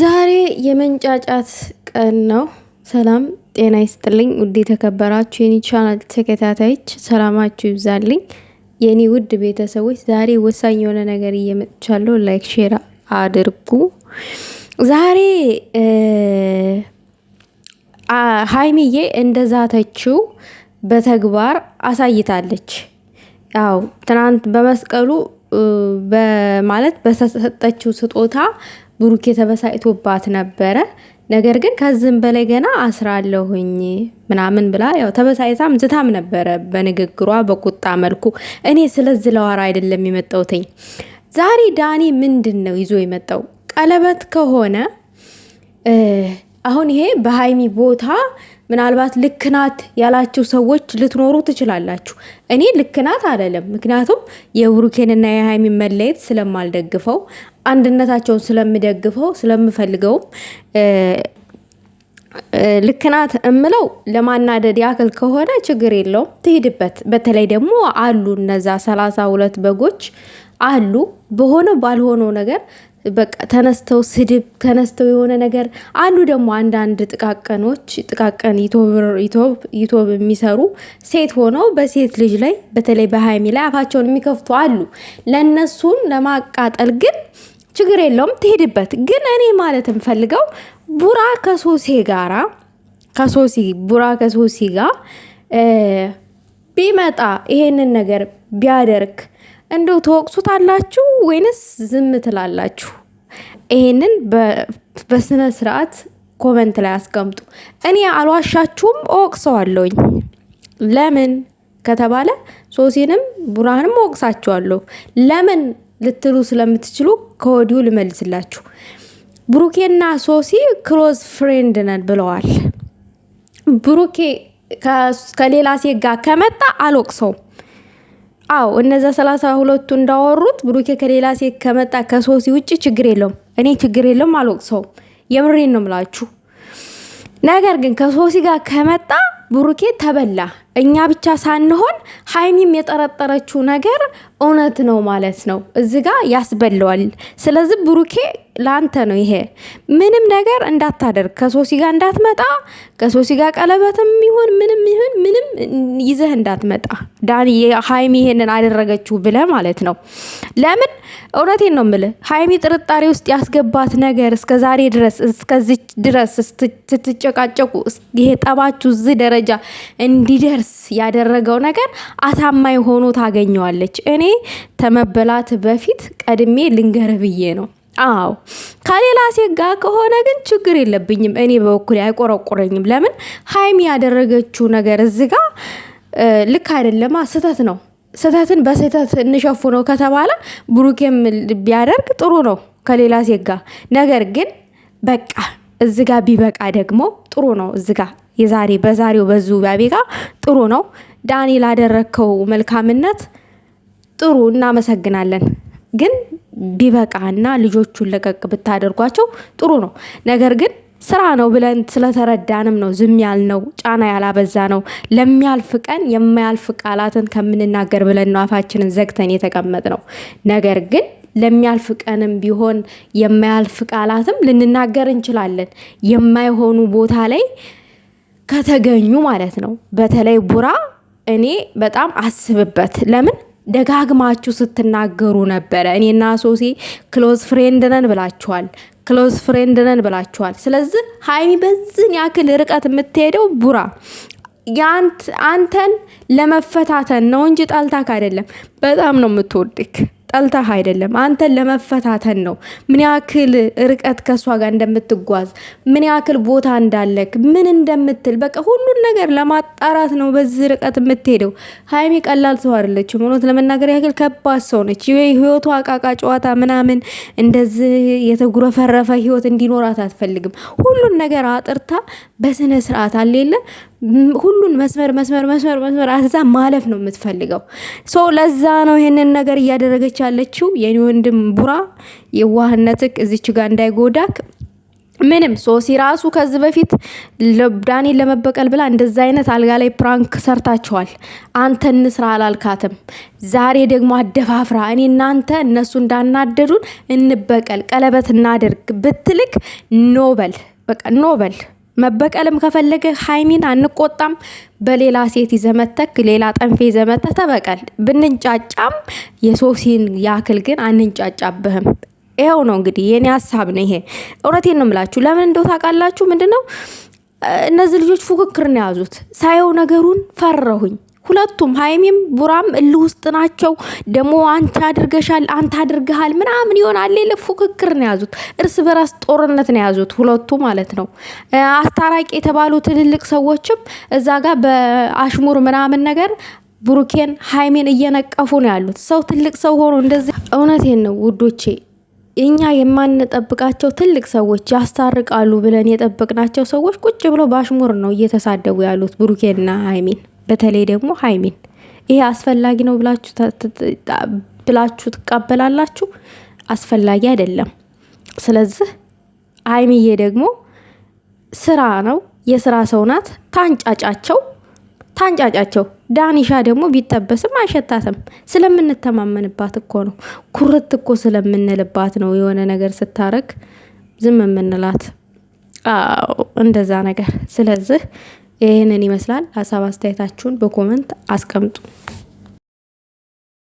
ዛሬ የመንጫጫት ቀን ነው። ሰላም ጤና ይስጥልኝ ውድ የተከበራችሁ የኔ ቻናል ተከታታዮች ሰላማችሁ ይብዛልኝ የኔ ውድ ቤተሰቦች። ዛሬ ወሳኝ የሆነ ነገር እየመጥቻለሁ። ላይክ ሼር አድርጉ። ዛሬ ሀይሚዬ እንደዛተችው በተግባር አሳይታለች። ያው ትናንት በመስቀሉ በማለት በተሰጠችው ስጦታ ብሩኬ ተበሳጭቶባት ነበረ። ነገር ግን ከዚህም በላይ ገና አስራለሁኝ ምናምን ብላ ያው ተበሳይታም ዝታም ነበረ በንግግሯ በቁጣ መልኩ። እኔ ስለዚህ ለዋራ አይደለም የመጣውትኝ። ዛሬ ዳኒ ምንድን ነው ይዞ የመጣው? ቀለበት ከሆነ አሁን ይሄ በሀይሚ ቦታ ምናልባት ልክናት ያላችሁ ሰዎች ልትኖሩ ትችላላችሁ። እኔ ልክናት አለለም። ምክንያቱም የብሩኬንና የሀይሚ መለየት ስለማልደግፈው አንድነታቸውን ስለምደግፈው ስለምፈልገውም ልክናት እምለው ለማናደድ ያክል ከሆነ ችግር የለውም፣ ትሄድበት። በተለይ ደግሞ አሉ እነዛ ሰላሳ ሁለት በጎች አሉ በሆነ ባልሆነው ነገር በቃ ተነስተው ስድብ ተነስተው የሆነ ነገር አሉ። ደግሞ አንዳንድ ጥቃቀኖች ጥቃቀን ዩቲዩብ የሚሰሩ ሴት ሆነው በሴት ልጅ ላይ በተለይ በሀይሚ ላይ አፋቸውን የሚከፍቱ አሉ። ለእነሱን ለማቃጠል ግን ችግር የለውም ትሄድበት። ግን እኔ ማለት የምፈልገው ቡራ ከሶሴ ጋራ ከሶሲ ቡራ ከሶሲ ጋር ቢመጣ ይሄንን ነገር ቢያደርግ እንደው ተወቅሱታላችሁ ወይንስ ዝም ትላላችሁ? ይሄንን በስነ ስርዓት ኮመንት ላይ አስቀምጡ። እኔ አልዋሻችሁም፣ እወቅሰዋለሁኝ። ለምን ከተባለ ሶሲንም ቡራህንም እወቅሳችኋለሁ። ለምን ልትሉ ስለምትችሉ ከወዲሁ ልመልስላችሁ። ብሩኬና ሶሲ ክሎዝ ፍሬንድ ነን ብለዋል። ብሩኬ ከሌላ ሴት ጋር ከመጣ አልወቅሰውም። አዎ እነዛ ሰላሳ ሁለቱ እንዳወሩት ብሩኬ ከሌላ ሴት ከመጣ ከሶሲ ውጭ ችግር የለውም። እኔ ችግር የለም አልወቅሰውም። የምሬን ነው ምላችሁ። ነገር ግን ከሶሲ ጋር ከመጣ ብሩኬ ተበላ። እኛ ብቻ ሳንሆን ሀይሚም የጠረጠረችው ነገር እውነት ነው ማለት ነው። እዚ ጋ ያስበለዋል። ስለዚህ ብሩኬ ለአንተ ነው ይሄ። ምንም ነገር እንዳታደርግ፣ ከሶሲ ጋር እንዳትመጣ፣ ከሶሲ ጋር ቀለበትም ይሁን ምንም ይሁን ምንም ይዘህ እንዳትመጣ ዳኒ ሀይሚ ይሄንን አደረገችው ብለህ ማለት ነው። ለምን እውነቴን ነው የምልህ ሀይሚ ጥርጣሬ ውስጥ ያስገባት ነገር እስከ ዛሬ ድረስ እስከዚህ ድረስ ስትጨቃጨቁ ይሄ ጠባችሁ እዚህ ደረጃ እንዲደርስ ያደረገው ነገር አሳማኝ ሆኖ ታገኘዋለች። እኔ ተመበላት በፊት ቀድሜ ልንገርህ ብዬ ነው። አዎ ከሌላ ሴት ጋር ከሆነ ግን ችግር የለብኝም። እኔ በበኩል አይቆረቁረኝም። ለምን ሀይሚ ያደረገችው ነገር እዚ ጋ ልክ አይደለም፣ ስህተት ነው። ስህተትን በስህተት እንሸፍነው ከተባለ ብሩኬም ቢያደርግ ጥሩ ነው ከሌላ ሴት ጋር። ነገር ግን በቃ እዚ ጋ ቢበቃ ደግሞ ጥሩ ነው። እዚ ጋ የዛሬ በዛሬው በዙ ቢያቤ ጋ ጥሩ ነው። ዳኒ ላደረግከው መልካምነት ጥሩ እናመሰግናለን ግን ቢበቃና ልጆቹን ለቀቅ ብታደርጓቸው ጥሩ ነው። ነገር ግን ስራ ነው ብለን ስለተረዳንም ነው ዝም ያልነው፣ ጫና ያላበዛ ነው። ለሚያልፍ ቀን የማያልፍ ቃላትን ከምንናገር ብለን ነው አፋችንን ዘግተን የተቀመጥ ነው። ነገር ግን ለሚያልፍ ቀንም ቢሆን የማያልፍ ቃላትም ልንናገር እንችላለን፣ የማይሆኑ ቦታ ላይ ከተገኙ ማለት ነው። በተለይ ቡራ እኔ በጣም አስብበት ለምን ደጋግማችሁ ስትናገሩ ነበረ። እኔና ሶሴ ክሎዝ ፍሬንድ ነን ብላችኋል፣ ክሎዝ ፍሬንድ ነን ብላችኋል። ስለዚህ ሀይሚ በዝን ያክል ርቀት የምትሄደው ቡራ አንተን ለመፈታተን ነው እንጂ ጣልታክ አይደለም። በጣም ነው የምትወድክ ጠልታህ አይደለም፣ አንተን ለመፈታተን ነው። ምን ያክል ርቀት ከእሷ ጋር እንደምትጓዝ ምን ያክል ቦታ እንዳለክ ምን እንደምትል በቃ ሁሉን ነገር ለማጣራት ነው በዚህ ርቀት የምትሄደው። ሀይሚ ቀላል ሰው አይደለችም። እውነት ለመናገር ያክል ከባድ ሰው ነች። ህይወቱ አቃቃ ጨዋታ ምናምን እንደዚህ የተጉረፈረፈ ህይወት እንዲኖራት አትፈልግም። ሁሉን ነገር አጥርታ በስነ ስርዓት አሌለ ሁሉን መስመር መስመር መስመር መስመር አዛ ማለፍ ነው የምትፈልገው። ሶ ለዛ ነው ይሄንን ነገር እያደረገች ያለችው። የኔ ወንድም ቡራ የዋህነትክ እዚች ጋር እንዳይጎዳክ ምንም ሶሲ ራሱ ከዚህ በፊት ዳኒን ለመበቀል ብላ እንደዛ አይነት አልጋ ላይ ፕራንክ ሰርታቸዋል አንተ እንስራ አላልካትም። ዛሬ ደግሞ አደፋፍራ እኔ እናንተ እነሱ እንዳናደዱን እንበቀል ቀለበት እናደርግ ብትልክ ኖበል በቃ ኖበል መበቀልም ከፈለገ ሀይሚን አንቆጣም። በሌላ ሴት ይዘመተክ ሌላ ጠንፌ ይዘመተ ተበቀል። ብንንጫጫም የሶሲን ያክል ግን አንንጫጫብህም። ይኸው ነው እንግዲህ የኔ ሀሳብ ነው ይሄ። እውነቴን ነው የምላችሁ። ለምን እንደው ታውቃላችሁ ምንድን ነው እነዚህ ልጆች ፉክክር ነው የያዙት። ሳየው ነገሩን ፈረሁኝ ሁለቱም ሀይሚም ቡራም እልህ ውስጥ ናቸው። ደግሞ አንቺ አድርገሻል፣ አንተ አድርገሃል ምናምን ይሆናል ሌለ ፉክክር ነው ያዙት፣ እርስ በራስ ጦርነት ነው ያዙት ሁለቱ ማለት ነው። አስታራቂ የተባሉ ትልልቅ ሰዎችም እዛ ጋር በአሽሙር ምናምን ነገር ብሩኬን ሀይሜን እየነቀፉ ነው ያሉት። ሰው ትልቅ ሰው ሆኖ እንደዚህ እውነቴን ነው ውዶቼ እኛ የማንጠብቃቸው ትልቅ ሰዎች ያስታርቃሉ ብለን የጠበቅናቸው ሰዎች ቁጭ ብሎ በአሽሙር ነው እየተሳደቡ ያሉት ብሩኬንና ሀይሜን። በተለይ ደግሞ ሀይሚን ይሄ አስፈላጊ ነው ብላችሁ ትቀበላላችሁ? አስፈላጊ አይደለም። ስለዚህ ሀይሚዬ ደግሞ ስራ ነው፣ የስራ ሰው ናት። ታንጫጫቸው ታንጫጫቸው። ዳኒሻ ደግሞ ቢጠበስም አይሸታትም። ስለምንተማመንባት እኮ ነው። ኩርት እኮ ስለምንልባት ነው። የሆነ ነገር ስታረግ ዝም የምንላት። አዎ እንደዛ ነገር ስለዚህ ይህንን ይመስላል። ሀሳብ አስተያየታችሁን በኮመንት አስቀምጡ።